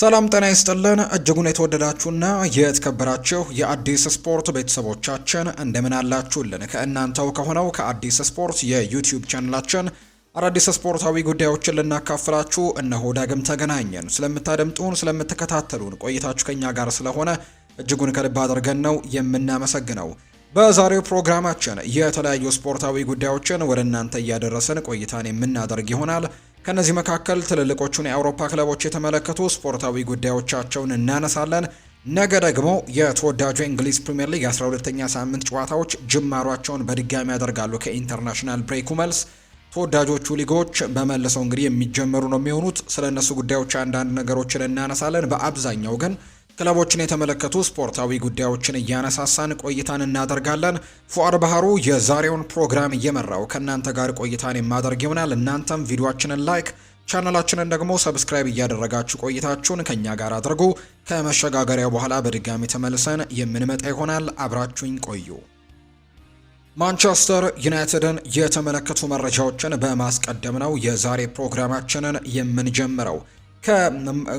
ሰላም ጤና ይስጥልን እጅጉን የተወደዳችሁና የተከበራችሁ የአዲስ ስፖርት ቤተሰቦቻችን እንደምን አላችሁልን? ከእናንተው ከሆነው ከአዲስ ስፖርት የዩቲዩብ ቻንላችን አዳዲስ ስፖርታዊ ጉዳዮችን ልናካፍላችሁ እነሆ ዳግም ተገናኘን። ስለምታደምጡን፣ ስለምትከታተሉን ቆይታችሁ ከኛ ጋር ስለሆነ እጅጉን ከልብ አድርገን ነው የምናመሰግነው። በዛሬው ፕሮግራማችን የተለያዩ ስፖርታዊ ጉዳዮችን ወደ እናንተ እያደረሰን ቆይታን የምናደርግ ይሆናል። ከእነዚህ መካከል ትልልቆቹን የአውሮፓ ክለቦች የተመለከቱ ስፖርታዊ ጉዳዮቻቸውን እናነሳለን። ነገ ደግሞ የተወዳጁ የእንግሊዝ ፕሪምየር ሊግ 12ኛ ሳምንት ጨዋታዎች ጅማሯቸውን በድጋሚ ያደርጋሉ። ከኢንተርናሽናል ብሬኩ መልስ ተወዳጆቹ ሊጎች በመልሰው እንግዲህ የሚጀመሩ ነው የሚሆኑት። ስለ እነሱ ጉዳዮች አንዳንድ ነገሮችን እናነሳለን። በአብዛኛው ግን ክለቦችን የተመለከቱ ስፖርታዊ ጉዳዮችን እያነሳሳን ቆይታን እናደርጋለን። ፉአድ ባህሩ የዛሬውን ፕሮግራም እየመራው ከእናንተ ጋር ቆይታን የማደርግ ይሆናል። እናንተም ቪዲዮችንን ላይክ ቻናላችንን ደግሞ ሰብስክራይብ እያደረጋችሁ ቆይታችሁን ከእኛ ጋር አድርጉ። ከመሸጋገሪያው በኋላ በድጋሚ ተመልሰን የምንመጣ ይሆናል። አብራችሁኝ ቆዩ። ማንቸስተር ዩናይትድን የተመለከቱ መረጃዎችን በማስቀደም ነው የዛሬ ፕሮግራማችንን የምንጀምረው።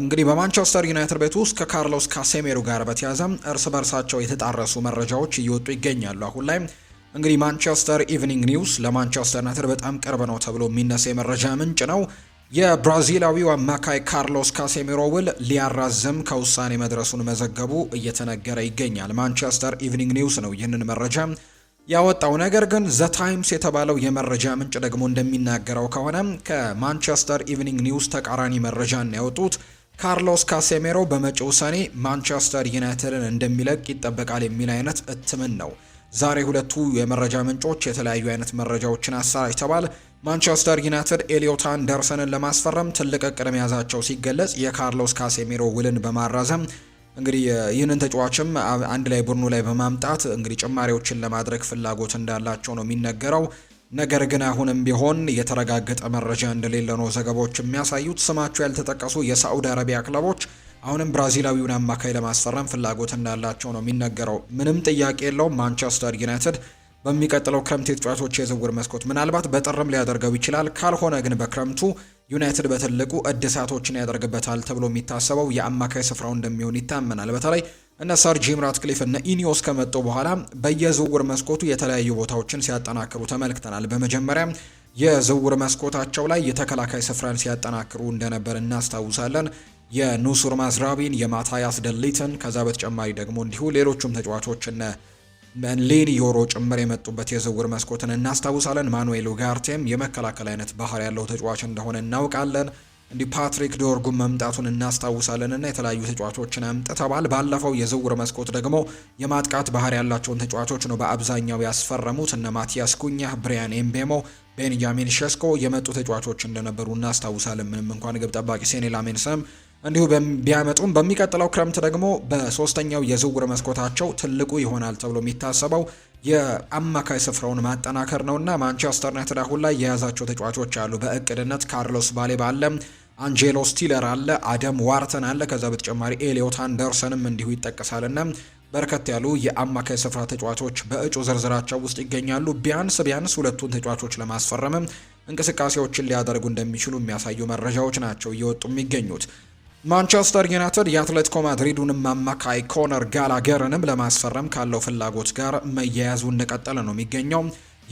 እንግዲህ በማንቸስተር ዩናይትድ ቤት ውስጥ ከካርሎስ ካሴሜሮ ጋር በተያያዘ እርስ በርሳቸው የተጣረሱ መረጃዎች እየወጡ ይገኛሉ። አሁን ላይ እንግዲህ ማንቸስተር ኢቭኒንግ ኒውስ ለማንቸስተር ዩናይትድ በጣም ቅርብ ነው ተብሎ የሚነሳ የመረጃ ምንጭ ነው። የብራዚላዊው አማካይ ካርሎስ ካሴሜሮ ውል ሊያራዝም ከውሳኔ መድረሱን መዘገቡ እየተነገረ ይገኛል። ማንቸስተር ኢቭኒንግ ኒውስ ነው ይህንን መረጃ ያወጣው። ነገር ግን ዘ ታይምስ የተባለው የመረጃ ምንጭ ደግሞ እንደሚናገረው ከሆነ ከማንቸስተር ኢቭኒንግ ኒውስ ተቃራኒ መረጃን ያወጡት ካርሎስ ካሴሜሮ በመጪው ሰኔ ማንቸስተር ዩናይትድን እንደሚለቅ ይጠበቃል የሚል አይነት እትምን ነው። ዛሬ ሁለቱ የመረጃ ምንጮች የተለያዩ አይነት መረጃዎችን አሰራጭተዋል። ማንቸስተር ዩናይትድ ኤሊዮት አንደርሰንን ለማስፈረም ትልቅ እቅድ መያዛቸው ሲገለጽ የካርሎስ ካሴሜሮ ውልን በማራዘም እንግዲህ ይህንን ተጫዋችም አንድ ላይ ቡድኑ ላይ በማምጣት እንግዲህ ጭማሪዎችን ለማድረግ ፍላጎት እንዳላቸው ነው የሚነገረው። ነገር ግን አሁንም ቢሆን የተረጋገጠ መረጃ እንደሌለ ነው ዘገባዎች የሚያሳዩት። ስማቸው ያልተጠቀሱ የሳዑዲ አረቢያ ክለቦች አሁንም ብራዚላዊውን አማካይ ለማስፈረም ፍላጎት እንዳላቸው ነው የሚነገረው። ምንም ጥያቄ የለውም ማንቸስተር ዩናይትድ በሚቀጥለው ክረምት የተጫዋቾች የዝውውር መስኮት ምናልባት በጥርም ሊያደርገው ይችላል። ካልሆነ ግን በክረምቱ ዩናይትድ በትልቁ እድሳቶችን ያደርግበታል ተብሎ የሚታሰበው የአማካይ ስፍራው እንደሚሆን ይታመናል። በተለይ እነ ሰር ጂም ራትክሊፍ እና ኢኒዮስ ከመጡ በኋላ በየዝውውር መስኮቱ የተለያዩ ቦታዎችን ሲያጠናክሩ ተመልክተናል። በመጀመሪያም የዝውውር መስኮታቸው ላይ የተከላካይ ስፍራን ሲያጠናክሩ እንደነበር እናስታውሳለን። የኑሱር ማዝራቢን፣ የማታያስ ደሊትን ከዛ በተጨማሪ ደግሞ እንዲሁ ሌሎቹም ተጫዋቾች እነ ሌኒ ዮሮ ጭምር የመጡበት የዝውውር መስኮትን እናስታውሳለን። ማኑኤል ኡጋርቴም የመከላከል አይነት ባህር ያለው ተጫዋች እንደሆነ እናውቃለን። እንዲህ ፓትሪክ ዶርጉም መምጣቱን እናስታውሳለን እና የተለያዩ ተጫዋቾችን አምጥተዋል። ባለፈው የዝውውር መስኮት ደግሞ የማጥቃት ባህር ያላቸውን ተጫዋቾች ነው በአብዛኛው ያስፈረሙት። እነ ማቲያስ ኩኛ፣ ብሪያን ኤምቤሞ፣ ቤንጃሚን ሸስኮ የመጡ ተጫዋቾች እንደነበሩ እናስታውሳለን። ምንም እንኳን ግብ ጠባቂ ሴኔ ላሜንስም እንዲሁ ቢያመጡም በሚቀጥለው ክረምት ደግሞ በሶስተኛው የዝውውር መስኮታቸው ትልቁ ይሆናል ተብሎ የሚታሰበው የአማካይ ስፍራውን ማጠናከር እና ማንቸስተር ዩናይትድ አሁን ላይ የያዛቸው ተጫዋቾች አሉ። በእቅድነት ካርሎስ ባሌ አለ፣ አንጄሎ ስቲለር አለ፣ አደም ዋርተን አለ። ከዛ በተጨማሪ ኤሊዮት አንደርሰንም እንዲሁ ይጠቀሳል እና በርከት ያሉ የአማካይ ስፍራ ተጫዋቾች በእጩ ዝርዝራቸው ውስጥ ይገኛሉ። ቢያንስ ቢያንስ ሁለቱን ተጫዋቾች ለማስፈረምም እንቅስቃሴዎችን ሊያደርጉ እንደሚችሉ የሚያሳዩ መረጃዎች ናቸው እየወጡ የሚገኙት። ማንቸስተር ዩናይትድ የአትሌቲኮ ማድሪዱንም አማካይ ኮነር ጋላገርንም ለማስፈረም ካለው ፍላጎት ጋር መያያዙ እንደቀጠለ ነው የሚገኘው።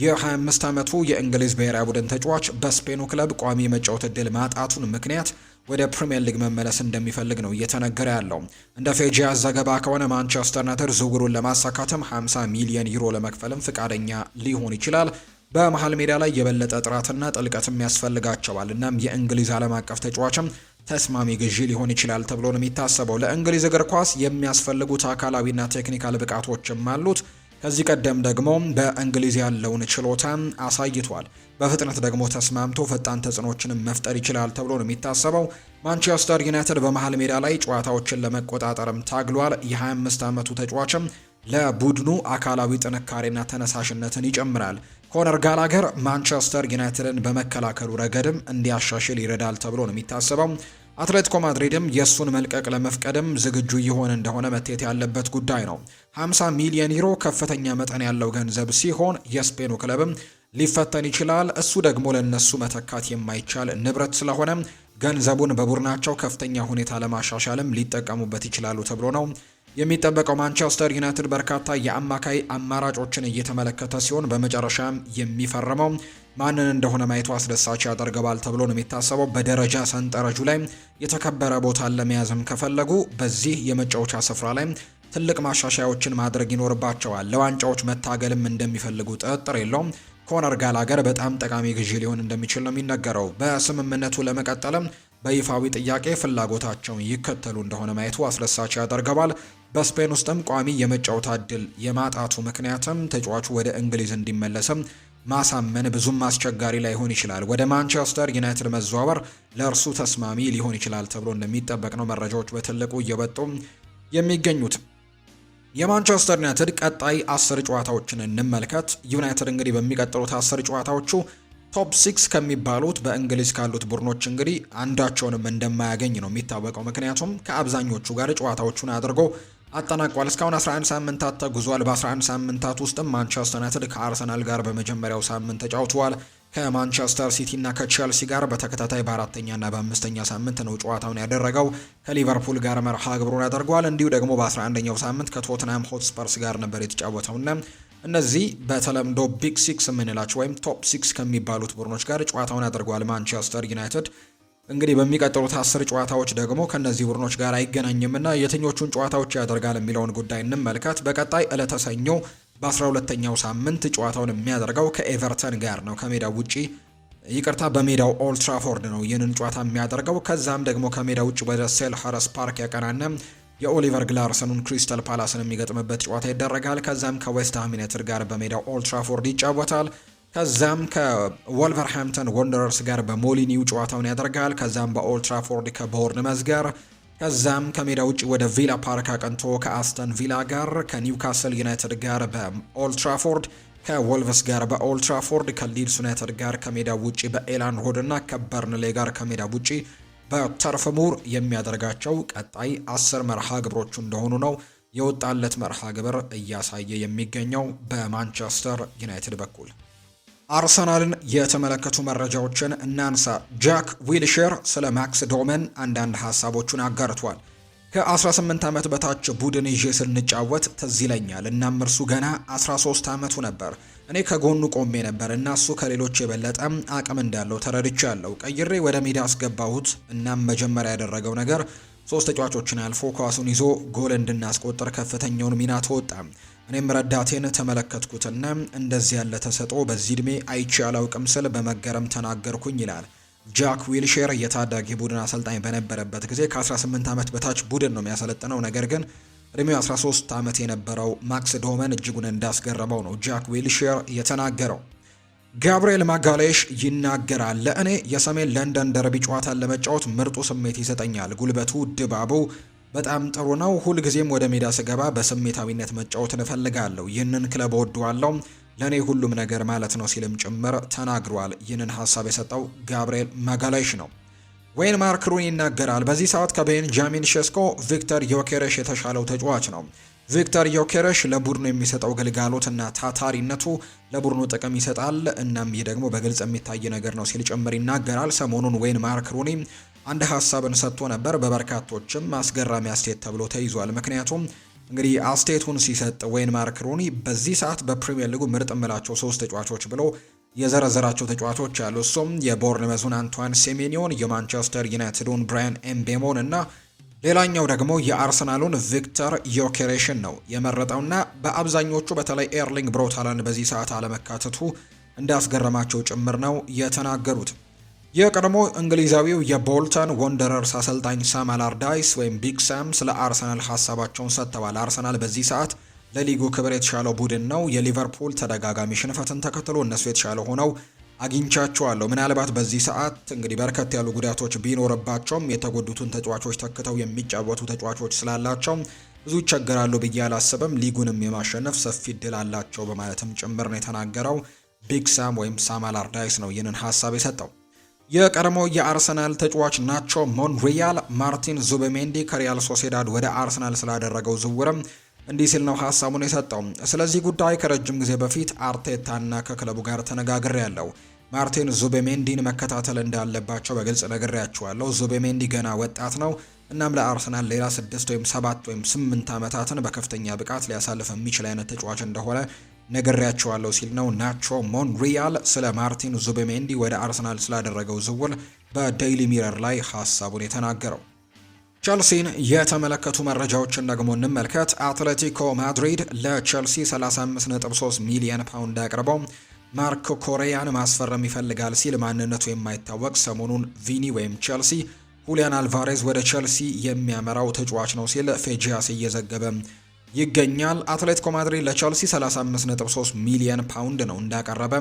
የ25 ዓመቱ የእንግሊዝ ብሔራዊ ቡድን ተጫዋች በስፔኑ ክለብ ቋሚ መጫወት እድል ማጣቱን ምክንያት ወደ ፕሪምየር ሊግ መመለስ እንደሚፈልግ ነው እየተነገረ ያለው። እንደ ፌጂያ ዘገባ ከሆነ ማንቸስተር ዩናይትድ ዝውውሩን ለማሳካትም 50 ሚሊዮን ዩሮ ለመክፈልም ፍቃደኛ ሊሆን ይችላል። በመሀል ሜዳ ላይ የበለጠ ጥራትና ጥልቀትም ያስፈልጋቸዋል። እናም የእንግሊዝ ዓለም አቀፍ ተጫዋችም ተስማሚ ግዢ ሊሆን ይችላል ተብሎ ነው የሚታሰበው። ለእንግሊዝ እግር ኳስ የሚያስፈልጉት አካላዊና ቴክኒካል ብቃቶችም አሉት። ከዚህ ቀደም ደግሞ በእንግሊዝ ያለውን ችሎታ አሳይቷል። በፍጥነት ደግሞ ተስማምቶ ፈጣን ተጽዕኖችንም መፍጠር ይችላል ተብሎ ነው የሚታሰበው። ማንቸስተር ዩናይትድ በመሃል ሜዳ ላይ ጨዋታዎችን ለመቆጣጠርም ታግሏል። የ25 ዓመቱ ተጫዋችም ለቡድኑ አካላዊ ጥንካሬና ተነሳሽነትን ይጨምራል። ኮነር ጋላገር ማንቸስተር ዩናይትድን በመከላከሉ ረገድም እንዲያሻሽል ይረዳል ተብሎ ነው የሚታሰበው። አትሌቲኮ ማድሪድም የእሱን መልቀቅ ለመፍቀድም ዝግጁ ይሆን እንደሆነ መታየት ያለበት ጉዳይ ነው። 50 ሚሊዮን ዩሮ ከፍተኛ መጠን ያለው ገንዘብ ሲሆን የስፔኑ ክለብም ሊፈተን ይችላል። እሱ ደግሞ ለነሱ መተካት የማይቻል ንብረት ስለሆነ ገንዘቡን በቡድናቸው ከፍተኛ ሁኔታ ለማሻሻልም ሊጠቀሙበት ይችላሉ ተብሎ ነው የሚጠበቀው ማንቸስተር ዩናይትድ በርካታ የአማካይ አማራጮችን እየተመለከተ ሲሆን በመጨረሻም የሚፈርመው ማንን እንደሆነ ማየቱ አስደሳች ያደርገዋል ተብሎ ነው የሚታሰበው። በደረጃ ሰንጠረጁ ላይ የተከበረ ቦታን ለመያዝም ከፈለጉ በዚህ የመጫወቻ ስፍራ ላይ ትልቅ ማሻሻያዎችን ማድረግ ይኖርባቸዋል። ለዋንጫዎች መታገልም እንደሚፈልጉ ጥርጥር የለውም። ኮነር ጋላገር በጣም ጠቃሚ ግዢ ሊሆን እንደሚችል ነው የሚነገረው። በስምምነቱ ለመቀጠልም በይፋዊ ጥያቄ ፍላጎታቸውን ይከተሉ እንደሆነ ማየቱ አስደሳች ያደርገዋል። በስፔን ውስጥም ቋሚ የመጫወት እድል የማጣቱ ምክንያትም ተጫዋቹ ወደ እንግሊዝ እንዲመለስም ማሳመን ብዙም አስቸጋሪ ላይሆን ይችላል። ወደ ማንቸስተር ዩናይትድ መዘዋወር ለእርሱ ተስማሚ ሊሆን ይችላል ተብሎ እንደሚጠበቅ ነው መረጃዎች በትልቁ እየወጡ የሚገኙት። የማንቸስተር ዩናይትድ ቀጣይ አስር ጨዋታዎችን እንመልከት። ዩናይትድ እንግዲህ በሚቀጥሉት አስር ጨዋታዎቹ ቶፕ ሲክስ ከሚባሉት በእንግሊዝ ካሉት ቡድኖች እንግዲህ አንዳቸውንም እንደማያገኝ ነው የሚታወቀው። ምክንያቱም ከአብዛኞቹ ጋር ጨዋታዎቹን አድርጎ አጠናቋል። እስካሁን 11 ሳምንታት ተጉዟል። በ11 ሳምንታት ውስጥም ማንቸስተር ዩናይትድ ከአርሰናል ጋር በመጀመሪያው ሳምንት ተጫውተዋል። ከማንቸስተር ሲቲ እና ከቼልሲ ጋር በተከታታይ በአራተኛና በአምስተኛ ሳምንት ነው ጨዋታውን ያደረገው። ከሊቨርፑል ጋር መርሃ ግብሩን ያደርገዋል። እንዲሁ ደግሞ በ11ኛው ሳምንት ከቶትናም ሆትስፐርስ ጋር ነበር የተጫወተውና እነዚህ በተለምዶ ቢግ ሲክስ የምንላቸው ወይም ቶፕ ሲክስ ከሚባሉት ቡድኖች ጋር ጨዋታውን ያደርገዋል ማንቸስተር ዩናይትድ እንግዲህ በሚቀጥሉት አስር ጨዋታዎች ደግሞ ከነዚህ ቡድኖች ጋር አይገናኝምና የትኞቹን ጨዋታዎች ያደርጋል የሚለውን ጉዳይ እንመልከት። በቀጣይ ዕለተ ሰኞ በአስራ ሁለተኛው ሳምንት ጨዋታውን የሚያደርገው ከኤቨርተን ጋር ነው። ከሜዳው ውጪ ይቅርታ፣ በሜዳው ኦልትራፎርድ ነው ይህንን ጨዋታ የሚያደርገው። ከዛም ደግሞ ከሜዳ ውጭ ወደ ሴልኸርስት ፓርክ ያቀናነ የኦሊቨር ግላርሰኑን ክሪስታል ፓላስን የሚገጥምበት ጨዋታ ይደረጋል። ከዛም ከዌስትሃም ዩናይትድ ጋር በሜዳው ኦልትራፎርድ ይጫወታል። ከዛም ከወልቨርሃምተን ወንደረርስ ጋር በሞሊኒው ጨዋታውን ያደርጋል። ከዛም በኦልትራፎርድ ከቦርንመዝ ጋር ከዛም ከሜዳ ውጭ ወደ ቪላ ፓርክ አቀንቶ ከአስተን ቪላ ጋር፣ ከኒውካስል ዩናይትድ ጋር በኦልትራፎርድ፣ ከወልቨስ ጋር በኦልትራፎርድ፣ ከሊድስ ዩናይትድ ጋር ከሜዳ ውጭ በኤላን ሮድ እና ከበርንሌ ጋር ከሜዳ ውጭ በተርፍሙር የሚያደርጋቸው ቀጣይ አስር መርሃ ግብሮቹ እንደሆኑ ነው የወጣለት መርሃ ግብር እያሳየ የሚገኘው በማንቸስተር ዩናይትድ በኩል አርሰናልን የተመለከቱ መረጃዎችን እናንሳ። ጃክ ዊልሼር ስለ ማክስ ዶመን አንዳንድ ሀሳቦቹን አጋርቷል። ከ18 ዓመት በታች ቡድን ይዤ ስንጫወት ትዝ ይለኛል። እናም እርሱ ገና 13 ዓመቱ ነበር። እኔ ከጎኑ ቆሜ ነበር እና እሱ ከሌሎች የበለጠ አቅም እንዳለው ተረድቻለሁ። ቀይሬ ወደ ሜዳ አስገባሁት። እናም መጀመሪያ ያደረገው ነገር ሶስት ተጫዋቾችን አልፎ ኳሱን ይዞ ጎል እንድናስቆጥር ከፍተኛውን ሚና ተወጣ። እኔም ረዳቴን ተመለከትኩትና እንደዚህ ያለ ተሰጥኦ በዚህ ዕድሜ አይቼ አላውቅም ስል በመገረም ተናገርኩኝ ይላል። ጃክ ዊልሼር የታዳጊ ቡድን አሰልጣኝ በነበረበት ጊዜ ከ18 ዓመት በታች ቡድን ነው የሚያሰለጥነው። ነገር ግን እድሜው 13 ዓመት የነበረው ማክስ ዶመን እጅጉን እንዳስገረመው ነው ጃክ ዊልሼር የተናገረው። ጋብርኤል ማጋሌሽ ይናገራል። ለእኔ የሰሜን ለንደን ደርቢ ጨዋታን ለመጫወት ምርጡ ስሜት ይሰጠኛል። ጉልበቱ፣ ድባቡ፣ በጣም ጥሩ ነው። ሁልጊዜም ወደ ሜዳ ስገባ በስሜታዊነት መጫወትን እፈልጋለሁ። ይህንን ክለብ ወደዋለሁ፣ ለእኔ ሁሉም ነገር ማለት ነው ሲልም ጭምር ተናግሯል። ይህንን ሀሳብ የሰጠው ጋብርኤል ማጋላይሽ ነው። ወይን ማርክ ሩኒ ይናገራል። በዚህ ሰዓት ከቤንጃሚን ሸስኮ ቪክተር ዮኬረሽ የተሻለው ተጫዋች ነው። ቪክተር ዮኬረሽ ለቡድኑ የሚሰጠው ግልጋሎት እና ታታሪነቱ ለቡድኑ ጥቅም ይሰጣል። እናም ይህ ደግሞ በግልጽ የሚታይ ነገር ነው ሲል ጭምር ይናገራል። ሰሞኑን ወይን ማርክ ሩኒ አንድ ሀሳብን ሰጥቶ ነበር። በበርካቶችም አስገራሚ አስተያየት ተብሎ ተይዟል። ምክንያቱም እንግዲህ አስተያየቱን ሲሰጥ ወይን ማርክ ሩኒ በዚህ ሰዓት በፕሪምየር ሊጉ ምርጥ ምላቸው ሶስት ተጫዋቾች ብሎ የዘረዘራቸው ተጫዋቾች አሉ። እሱም የቦርንመዙን አንቷን ሴሜኒዮን፣ የማንቸስተር ዩናይትዱን ብራያን ኤምቤሞን እና ሌላኛው ደግሞ የአርሰናሉን ቪክተር ዮኬሬሽን ነው የመረጠውና በአብዛኞቹ በተለይ ኤርሊንግ ብሮታላንድ በዚህ ሰዓት አለመካተቱ እንዳስገረማቸው ጭምር ነው የተናገሩት። የቀድሞ እንግሊዛዊው የቦልተን ወንደረርስ አሰልጣኝ ሳም አላርዳይስ ወይም ቢግ ሳም ስለ አርሰናል ሀሳባቸውን ሰጥተዋል። አርሰናል በዚህ ሰዓት ለሊጉ ክብር የተሻለው ቡድን ነው። የሊቨርፑል ተደጋጋሚ ሽንፈትን ተከትሎ እነሱ የተሻለ ሆነው አግኝቻቸዋለሁ። ምናልባት በዚህ ሰዓት እንግዲህ በርከት ያሉ ጉዳቶች ቢኖርባቸውም የተጎዱትን ተጫዋቾች ተክተው የሚጫወቱ ተጫዋቾች ስላላቸው ብዙ ይቸገራሉ ብዬ አላስብም። ሊጉንም የማሸነፍ ሰፊ እድል አላቸው በማለትም ጭምር ነው የተናገረው። ቢግ ሳም ወይም ሳም አላርዳይስ ነው ይህንን ሀሳብ የሰጠው። የቀድሞ የአርሰናል ተጫዋች ናቾ ሞንሪያል ማርቲን ዙበሜንዲ ከሪያል ሶሴዳድ ወደ አርሰናል ስላደረገው ዝውውርም እንዲህ ሲል ነው ሀሳቡን የሰጠው። ስለዚህ ጉዳይ ከረጅም ጊዜ በፊት አርቴታና ከክለቡ ጋር ተነጋግሬ ያለው ማርቲን ዙቤሜንዲን መከታተል እንዳለባቸው በግልጽ ነግሬያቸዋለሁ። ዙቤሜንዲ ገና ወጣት ነው። እናም ለአርሰናል ሌላ ስድስት ወይም ሰባት ወይም ስምንት ዓመታትን በከፍተኛ ብቃት ሊያሳልፍ የሚችል አይነት ተጫዋች እንደሆነ ነግሬያቸዋለሁ ሲል ነው ናቾ ሞንሪያል ስለ ማርቲን ዙቤሜንዲ ወደ አርሰናል ስላደረገው ዝውውር በዴይሊ ሚረር ላይ ሀሳቡን የተናገረው። ቸልሲን የተመለከቱ መረጃዎችን ደግሞ እንመልከት። አትሌቲኮ ማድሪድ ለቸልሲ 35.3 ሚሊየን ፓውንድ አቅርበው ማርኮ ኮሬያን ማስፈረም ይፈልጋል ሲል ማንነቱ የማይታወቅ ሰሞኑን ቪኒ ወይም ቸልሲ ሁሊያን አልቫሬዝ ወደ ቸልሲ የሚያመራው ተጫዋች ነው ሲል ፌጂያስ እየዘገበ ይገኛል። አትሌቲኮ ማድሪድ ለቸልሲ 35.3 ሚሊዮን ፓውንድ ነው እንዳቀረበ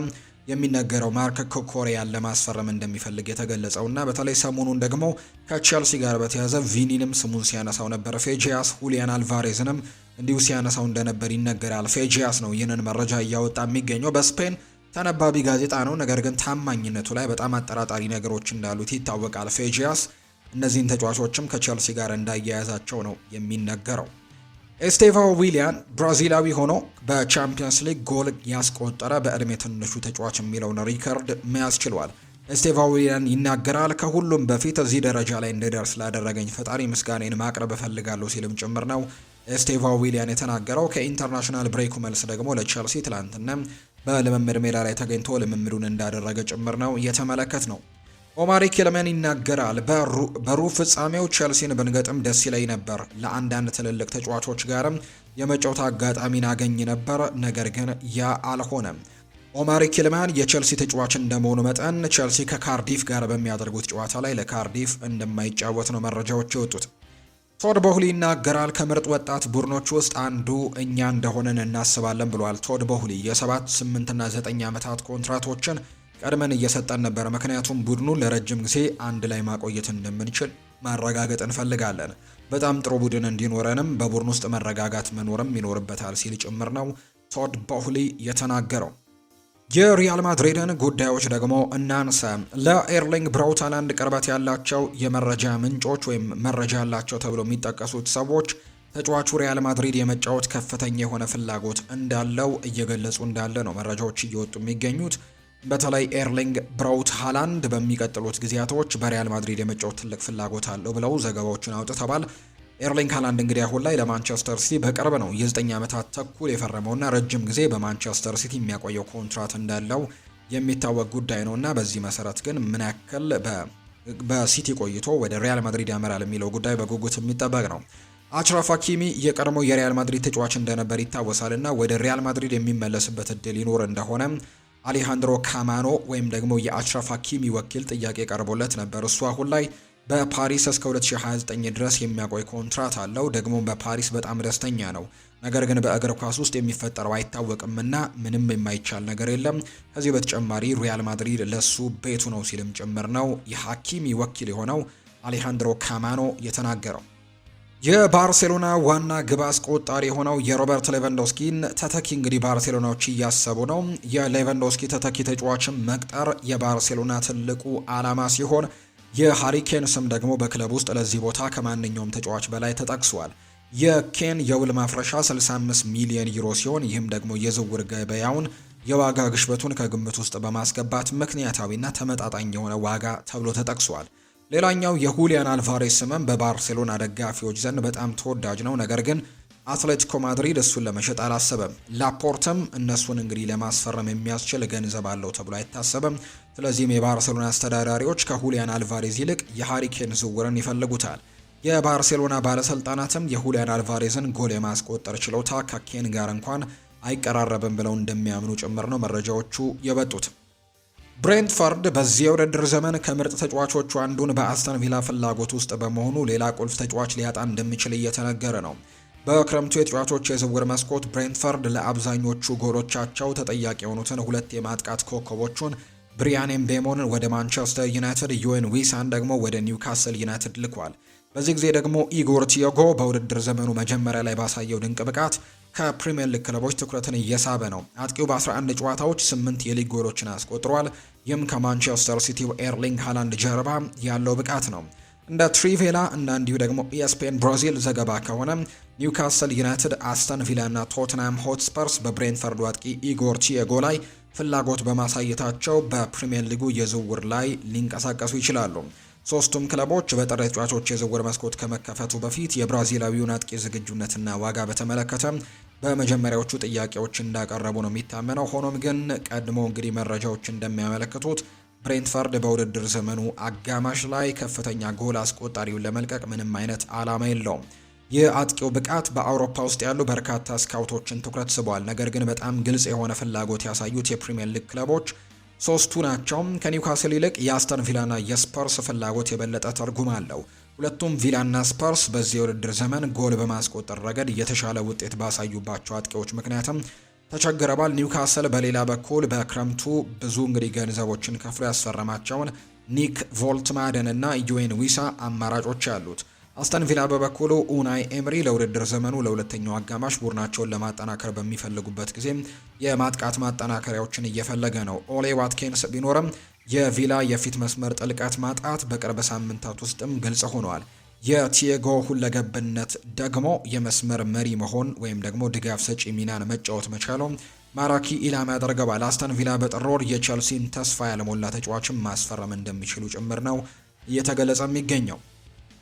የሚነገረው ማርክ ኮኮሪያን ለማስፈረም እንደሚፈልግ የተገለጸውና በተለይ ሰሞኑን ደግሞ ከቸልሲ ጋር በተያያዘ ቪኒንም ስሙን ሲያነሳው ነበር። ፌጂያስ ሁሊያን አልቫሬዝንም እንዲሁ ሲያነሳው እንደነበር ይነገራል። ፌጂያስ ነው ይህንን መረጃ እያወጣ የሚገኘው በስፔን ተነባቢ ጋዜጣ ነው። ነገር ግን ታማኝነቱ ላይ በጣም አጠራጣሪ ነገሮች እንዳሉት ይታወቃል። ፌጂያስ እነዚህን ተጫዋቾችም ከቸልሲ ጋር እንዳያያዛቸው ነው የሚነገረው። ኤስቴቫ ዊሊያን ብራዚላዊ ሆኖ በቻምፒየንስ ሊግ ጎል ያስቆጠረ በእድሜ ትንሹ ተጫዋች የሚለውን ሪከርድ መያዝ ችሏል። ኤስቴቫ ዊሊያን ይናገራል። ከሁሉም በፊት እዚህ ደረጃ ላይ እንድደርስ ላደረገኝ ፈጣሪ ምስጋናን ማቅረብ እፈልጋለሁ ሲልም ጭምር ነው ኤስቴቫ ዊሊያን የተናገረው። ከኢንተርናሽናል ብሬኩ መልስ ደግሞ ለቼልሲ ትላንትና በልምምድ ሜዳ ላይ ተገኝቶ ልምምዱን እንዳደረገ ጭምር ነው እየተመለከት ነው ኦማሪ ኪልመን ይናገራል። በሩብ ፍጻሜው ቼልሲን ብንገጥም ደስ ይለኝ ነበር። ለአንዳንድ ትልልቅ ተጫዋቾች ጋርም የመጫወት አጋጣሚን አገኝ ነበር፣ ነገር ግን ያ አልሆነም። ኦማሪ ኪልማን የቸልሲ ተጫዋች እንደመሆኑ መጠን ቸልሲ ከካርዲፍ ጋር በሚያደርጉት ጨዋታ ላይ ለካርዲፍ እንደማይጫወት ነው መረጃዎች የወጡት። ቶድ በሁሊ ይናገራል። ከምርጥ ወጣት ቡድኖች ውስጥ አንዱ እኛ እንደሆነን እናስባለን ብሏል። ቶድ ቦሁሊ የሰባት ስምንትና ዘጠኝ ዓመታት ኮንትራቶችን ቀድመን እየሰጠን ነበር፣ ምክንያቱም ቡድኑ ለረጅም ጊዜ አንድ ላይ ማቆየት እንደምንችል ማረጋገጥ እንፈልጋለን። በጣም ጥሩ ቡድን እንዲኖረንም በቡድን ውስጥ መረጋጋት መኖርም ይኖርበታል ሲል ጭምር ነው ቶድ ቦሁሊ የተናገረው። የሪያል ማድሪድን ጉዳዮች ደግሞ እናንሰ ለኤርሊንግ ብራውታላንድ ቅርበት ያላቸው የመረጃ ምንጮች ወይም መረጃ ያላቸው ተብሎ የሚጠቀሱት ሰዎች ተጫዋቹ ሪያል ማድሪድ የመጫወት ከፍተኛ የሆነ ፍላጎት እንዳለው እየገለጹ እንዳለ ነው መረጃዎች እየወጡ የሚገኙት። በተለይ ኤርሊንግ ብራውት ሃላንድ በሚቀጥሉት ጊዜያቶች በሪያል ማድሪድ የመጫወት ትልቅ ፍላጎት አለው ብለው ዘገባዎችን አውጥተዋል። ኤርሊንግ ሃላንድ እንግዲህ አሁን ላይ ለማንቸስተር ሲቲ በቅርብ ነው የ9 ዓመታት ተኩል የፈረመውና ረጅም ጊዜ በማንቸስተር ሲቲ የሚያቆየው ኮንትራት እንዳለው የሚታወቅ ጉዳይ ነውና በዚህ መሰረት ግን ምን ያክል በሲቲ ቆይቶ ወደ ሪያል ማድሪድ ያመራል የሚለው ጉዳይ በጉጉት የሚጠበቅ ነው። አችራፍ ሀኪሚ የቀድሞው የሪያል ማድሪድ ተጫዋች እንደነበር ይታወሳልና ወደ ሪያል ማድሪድ የሚመለስበት እድል ይኖር እንደሆነ አሌሃንድሮ ካማኖ ወይም ደግሞ የአሽራፍ ሀኪሚ ወኪል ጥያቄ ቀርቦለት ነበር። እሱ አሁን ላይ በፓሪስ እስከ 2029 ድረስ የሚያቆይ ኮንትራት አለው። ደግሞ በፓሪስ በጣም ደስተኛ ነው። ነገር ግን በእግር ኳስ ውስጥ የሚፈጠረው አይታወቅምና ምንም የማይቻል ነገር የለም። ከዚህ በተጨማሪ ሪያል ማድሪድ ለሱ ቤቱ ነው ሲልም ጭምር ነው የሀኪሚ ወኪል የሆነው አሌሃንድሮ ካማኖ የተናገረው። የባርሴሎና ዋና ግብ አስቆጣሪ የሆነው የሮበርት ሌቫንዶስኪን ተተኪ እንግዲህ ባርሴሎናዎች እያሰቡ ነው። የሌቫንዶስኪ ተተኪ ተጫዋችን መቅጠር የባርሴሎና ትልቁ ዓላማ ሲሆን የሃሪኬን ስም ደግሞ በክለብ ውስጥ ለዚህ ቦታ ከማንኛውም ተጫዋች በላይ ተጠቅሷል። የኬን የውል ማፍረሻ 65 ሚሊዮን ዩሮ ሲሆን ይህም ደግሞ የዝውውር ገበያውን የዋጋ ግሽበቱን ከግምት ውስጥ በማስገባት ምክንያታዊና ተመጣጣኝ የሆነ ዋጋ ተብሎ ተጠቅሷል። ሌላኛው የሁሊያን አልቫሬስ ስምም በባርሴሎና ደጋፊዎች ዘንድ በጣም ተወዳጅ ነው። ነገር ግን አትሌቲኮ ማድሪድ እሱን ለመሸጥ አላሰበም። ላፖርተም እነሱን እንግዲህ ለማስፈረም የሚያስችል ገንዘብ አለው ተብሎ አይታሰብም። ስለዚህም የባርሴሎና አስተዳዳሪዎች ከሁሊያን አልቫሬዝ ይልቅ የሃሪኬን ዝውውርን ይፈልጉታል። የባርሴሎና ባለስልጣናትም የሁሊያን አልቫሬዝን ጎል የማስቆጠር ችሎታ ከኬን ጋር እንኳን አይቀራረብም ብለው እንደሚያምኑ ጭምር ነው መረጃዎቹ የበጡት። ብሬንትፎርድ በዚህ የውድድር ዘመን ከምርጥ ተጫዋቾቹ አንዱን በአስተን ቪላ ፍላጎት ውስጥ በመሆኑ ሌላ ቁልፍ ተጫዋች ሊያጣ እንደሚችል እየተነገረ ነው። በክረምቱ የተጫዋቾች የዝውውር መስኮት ብሬንትፎርድ ለአብዛኞቹ ጎሎቻቸው ተጠያቂ የሆኑትን ሁለት የማጥቃት ኮከቦቹን ብሪያን ኤምቤሞን ወደ ማንቸስተር ዩናይትድ፣ ዩኤን ዊሳን ደግሞ ወደ ኒውካስል ዩናይትድ ልኳል። በዚህ ጊዜ ደግሞ ኢጎር ቲዮጎ በውድድር ዘመኑ መጀመሪያ ላይ ባሳየው ድንቅ ብቃት ከፕሪምየር ሊግ ክለቦች ትኩረትን እየሳበ ነው። አጥቂው በ11 ጨዋታዎች 8 የሊግ ጎሎችን አስቆጥሯል። ይህም ከማንቸስተር ሲቲው ኤርሊንግ ሃላንድ ጀርባ ያለው ብቃት ነው። እንደ ትሪቬላ እና እንዲሁ ደግሞ ኢስፔን ብራዚል ዘገባ ከሆነ ኒውካስል ዩናይትድ፣ አስተን ቪላ እና ቶትናም ሆትስፐርስ በብሬንፈርዱ አጥቂ ኢጎር ቲየጎ ላይ ፍላጎት በማሳየታቸው በፕሪምየር ሊጉ የዝውውር ላይ ሊንቀሳቀሱ ይችላሉ። ሶስቱም ክለቦች በጥር ተጫዋቾች የዝውውር መስኮት ከመከፈቱ በፊት የብራዚላዊውን አጥቂ ዝግጁነትና ዋጋ በተመለከተ በመጀመሪያዎቹ ጥያቄዎች እንዳቀረቡ ነው የሚታመነው። ሆኖም ግን ቀድሞ እንግዲህ መረጃዎች እንደሚያመለክቱት ብሬንትፈርድ በውድድር ዘመኑ አጋማሽ ላይ ከፍተኛ ጎል አስቆጣሪውን ለመልቀቅ ምንም አይነት ዓላማ የለውም። የአጥቂው ብቃት በአውሮፓ ውስጥ ያሉ በርካታ ስካውቶችን ትኩረት ስቧል። ነገር ግን በጣም ግልጽ የሆነ ፍላጎት ያሳዩት የፕሪምየር ሊግ ክለቦች ሶስቱ ናቸው። ከኒውካስል ይልቅ የአስተን ቪላና የስፐርስ ፍላጎት የበለጠ ትርጉም አለው። ሁለቱም ቪላና ስፐርስ በዚህ የውድድር ዘመን ጎል በማስቆጠር ረገድ የተሻለ ውጤት ባሳዩባቸው አጥቂዎች ምክንያትም ተቸግረዋል። ኒውካስል በሌላ በኩል በክረምቱ ብዙ እንግዲህ ገንዘቦችን ከፍሎ ያስፈረማቸውን ኒክ ቮልትማደን እና ዩዌን ዊሳ አማራጮች አሉት። አስተን ቪላ በበኩሉ ኡናይ ኤምሪ ለውድድር ዘመኑ ለሁለተኛው አጋማሽ ቡድናቸውን ለማጠናከር በሚፈልጉበት ጊዜ የማጥቃት ማጠናከሪያዎችን እየፈለገ ነው። ኦሌ ዋትኪንስ ቢኖርም የቪላ የፊት መስመር ጥልቀት ማጣት በቅርብ ሳምንታት ውስጥም ግልጽ ሆኗል። የቲየጎ ሁለገብነት ደግሞ የመስመር መሪ መሆን ወይም ደግሞ ድጋፍ ሰጪ ሚናን መጫወት መቻሉ ማራኪ ኢላማ ያደርገዋል። አስተን ቪላ በጥር ወር ተስፋ ያልሞላ ተጫዋችን ማስፈረም እንደሚችሉ ጭምር ነው እየተገለጸ የሚገኘው።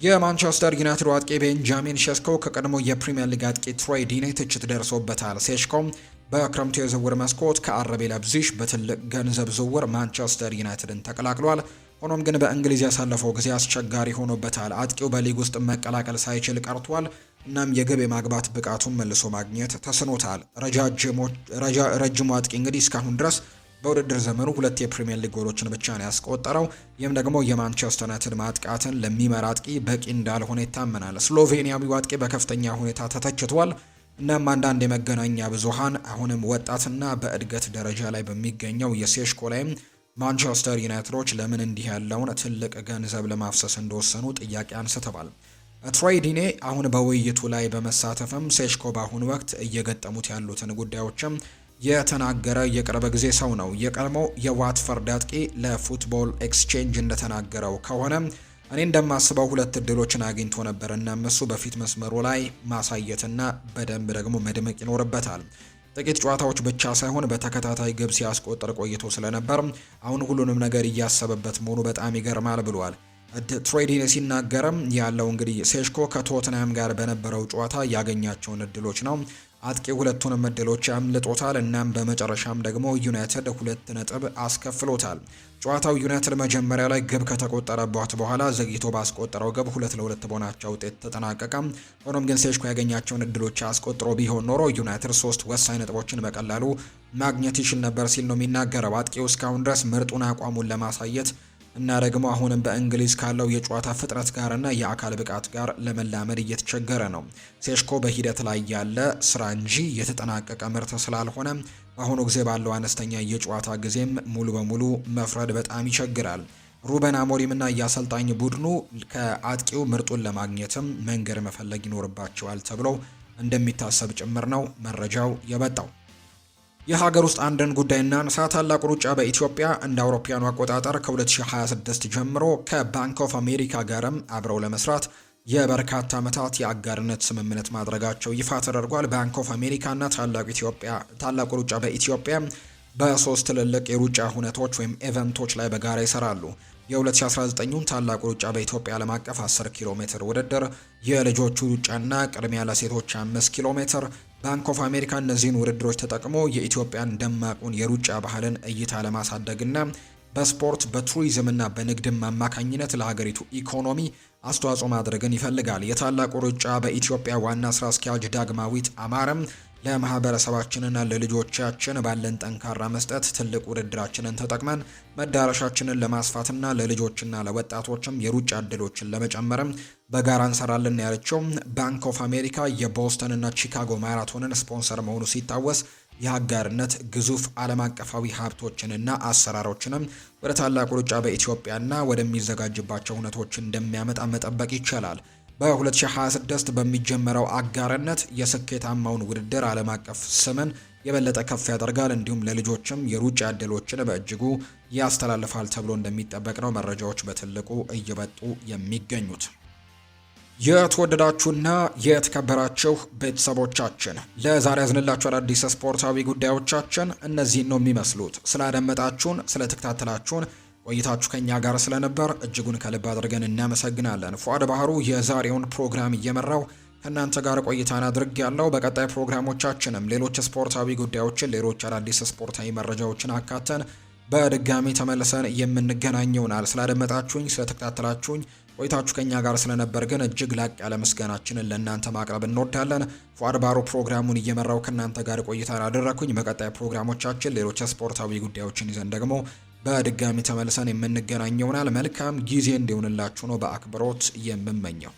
የማንቸስተር ዩናይትድ አጥቂ ቤንጃሚን ሸስኮ ከቀድሞ የፕሪምየር ሊግ አጥቂ ትሮይ ዲኒ ትችት ደርሶበታል። ሴሽኮም በክረምቱ የዝውውር መስኮት ከአረቤ ለብዚሽ በትልቅ ገንዘብ ዝውውር ማንቸስተር ዩናይትድን ተቀላቅሏል። ሆኖም ግን በእንግሊዝ ያሳለፈው ጊዜ አስቸጋሪ ሆኖበታል። አጥቂው በሊግ ውስጥ መቀላቀል ሳይችል ቀርቷል። እናም የግብ የማግባት ብቃቱን መልሶ ማግኘት ተስኖታል። ረጅሙ አጥቂ እንግዲህ እስካሁን ድረስ በውድድር ዘመኑ ሁለት የፕሪምየር ሊግ ጎሎችን ብቻ ነው ያስቆጠረው። ይህም ደግሞ የማንቸስተር ዩናይትድ ማጥቃትን ለሚመራ አጥቂ በቂ እንዳልሆነ ይታመናል። ስሎቬኒያዊው አጥቂ በከፍተኛ ሁኔታ ተተችቷል። እናም አንዳንድ የመገናኛ ብዙሃን አሁንም ወጣትና በእድገት ደረጃ ላይ በሚገኘው የሴሽኮ ላይም ማንቸስተር ዩናይትዶች ለምን እንዲህ ያለውን ትልቅ ገንዘብ ለማፍሰስ እንደወሰኑ ጥያቄ አንስተዋል። ትሮይዲኔ አሁን በውይይቱ ላይ በመሳተፍም ሴሽኮ በአሁኑ ወቅት እየገጠሙት ያሉትን ጉዳዮችም የተናገረ የቅርብ ጊዜ ሰው ነው። የቀድሞው የዋትፈርድ አጥቂ ለፉትቦል ኤክስቼንጅ እንደተናገረው ከሆነ እኔ እንደማስበው ሁለት እድሎችን አግኝቶ ነበር። እናም እሱ በፊት መስመሩ ላይ ማሳየትና በደንብ ደግሞ መድመቅ ይኖርበታል። ጥቂት ጨዋታዎች ብቻ ሳይሆን በተከታታይ ግብ ሲያስቆጥር ቆይቶ ስለነበር አሁን ሁሉንም ነገር እያሰበበት መሆኑ በጣም ይገርማል ብሏል። ትሬዲን ሲናገርም ያለው እንግዲህ ሴሽኮ ከቶትናም ጋር በነበረው ጨዋታ ያገኛቸውን እድሎች ነው አጥቂ ሁለቱንም እድሎች አምልጦታል። እናም በመጨረሻም ደግሞ ዩናይትድ ሁለት ነጥብ አስከፍሎታል። ጨዋታው ዩናይትድ መጀመሪያ ላይ ግብ ከተቆጠረባት በኋላ ዘግይቶ ባስቆጠረው ግብ ሁለት ለሁለት በሆናቸው ውጤት ተጠናቀቀ። ሆኖም ግን ሴሽኮ ያገኛቸውን እድሎች አስቆጥሮ ቢሆን ኖሮ ዩናይትድ ሶስት ወሳኝ ነጥቦችን በቀላሉ ማግኘት ይችል ነበር ሲል ነው የሚናገረው። አጥቂው እስካሁን ድረስ ምርጡን አቋሙን ለማሳየት እና ደግሞ አሁንም በእንግሊዝ ካለው የጨዋታ ፍጥነት ጋርና የአካል ብቃት ጋር ለመላመድ እየተቸገረ ነው። ሴሽኮ በሂደት ላይ ያለ ስራ እንጂ የተጠናቀቀ ምርት ስላልሆነ በአሁኑ ጊዜ ባለው አነስተኛ የጨዋታ ጊዜም ሙሉ በሙሉ መፍረድ በጣም ይቸግራል። ሩበን አሞሪምና የአሰልጣኝ ቡድኑ ከአጥቂው ምርጡን ለማግኘትም መንገድ መፈለግ ይኖርባቸዋል ተብሎ እንደሚታሰብ ጭምር ነው መረጃው የበጣው። የሀገር ውስጥ አንድን ጉዳይ እናንሳ። ታላቁ ሩጫ በኢትዮጵያ እንደ አውሮፓውያኑ አቆጣጠር ከ2026 ጀምሮ ከባንክ ኦፍ አሜሪካ ጋርም አብረው ለመስራት የበርካታ ዓመታት የአጋርነት ስምምነት ማድረጋቸው ይፋ ተደርጓል። ባንክ ኦፍ አሜሪካና ታላቁ ኢትዮጵያ ታላቁ ሩጫ በኢትዮጵያ በሶስት ትልልቅ የሩጫ ሁነቶች ወይም ኤቨንቶች ላይ በጋራ ይሰራሉ። የ2019ን ታላቁ ሩጫ በኢትዮጵያ ዓለም አቀፍ 10 ኪሎ ሜትር ውድድር፣ የልጆቹ ሩጫና ቅድሚያ ለሴቶች 5 ኪሎ ሜትር ባንክ ኦፍ አሜሪካ እነዚህን ውድድሮች ተጠቅሞ የኢትዮጵያን ደማቁን የሩጫ ባህልን እይታ ለማሳደግና በስፖርት በቱሪዝምና በንግድም አማካኝነት ለሀገሪቱ ኢኮኖሚ አስተዋጽኦ ማድረግን ይፈልጋል። የታላቁ ሩጫ በኢትዮጵያ ዋና ስራ አስኪያጅ ዳግማዊት አማረም ለማህበረሰባችንና ለልጆቻችን ባለን ጠንካራ መስጠት ትልቅ ውድድራችንን ተጠቅመን መዳረሻችንን ለማስፋትና ለልጆችና ለወጣቶችም የሩጫ እድሎችን ለመጨመርም በጋራ እንሰራለን ያለችው ባንክ ኦፍ አሜሪካ የቦስተንና ቺካጎ ማራቶንን ስፖንሰር መሆኑ ሲታወስ የአጋርነት ግዙፍ ዓለም አቀፋዊ ሀብቶችንና አሰራሮችንም ወደ ታላቁ ሩጫ በኢትዮጵያና ወደሚዘጋጅባቸው እውነቶች እንደሚያመጣ መጠበቅ ይቻላል። በ2026 በሚጀመረው አጋርነት የስኬታማውን ውድድር ዓለም አቀፍ ስምን የበለጠ ከፍ ያደርጋል እንዲሁም ለልጆችም የሩጫ ዕድሎችን በእጅጉ ያስተላልፋል ተብሎ እንደሚጠበቅ ነው መረጃዎች በትልቁ እየበጡ የሚገኙት። የተወደዳችሁና የተከበራችሁ ቤተሰቦቻችን ለዛሬ ያዝንላችሁ አዳዲስ ስፖርታዊ ጉዳዮቻችን እነዚህን ነው የሚመስሉት። ስላደመጣችሁን፣ ስለተከታተላችሁን ቆይታችሁ ከኛ ጋር ስለነበር እጅጉን ከልብ አድርገን እናመሰግናለን። ፏድ ባህሩ የዛሬውን ፕሮግራም እየመራው ከእናንተ ጋር ቆይታን አድርግ ያለው። በቀጣይ ፕሮግራሞቻችንም ሌሎች ስፖርታዊ ጉዳዮችን፣ ሌሎች አዳዲስ ስፖርታዊ መረጃዎችን አካተን በድጋሚ ተመልሰን የምንገናኘውናል ስላደመጣችሁኝ፣ ስለተከታተላችሁኝ ቆይታችሁ ከኛ ጋር ስለነበር ግን እጅግ ላቅ ያለ ምስጋናችንን ለእናንተ ማቅረብ እንወዳለን። ፏድ ባሮ ፕሮግራሙን እየመራው ከእናንተ ጋር ቆይታን አደረኩኝ። በቀጣይ ፕሮግራሞቻችን ሌሎች ስፖርታዊ ጉዳዮችን ይዘን ደግሞ በድጋሚ ተመልሰን የምንገናኘውናል። መልካም ጊዜ እንዲሆንላችሁ ነው በአክብሮት የምመኘው።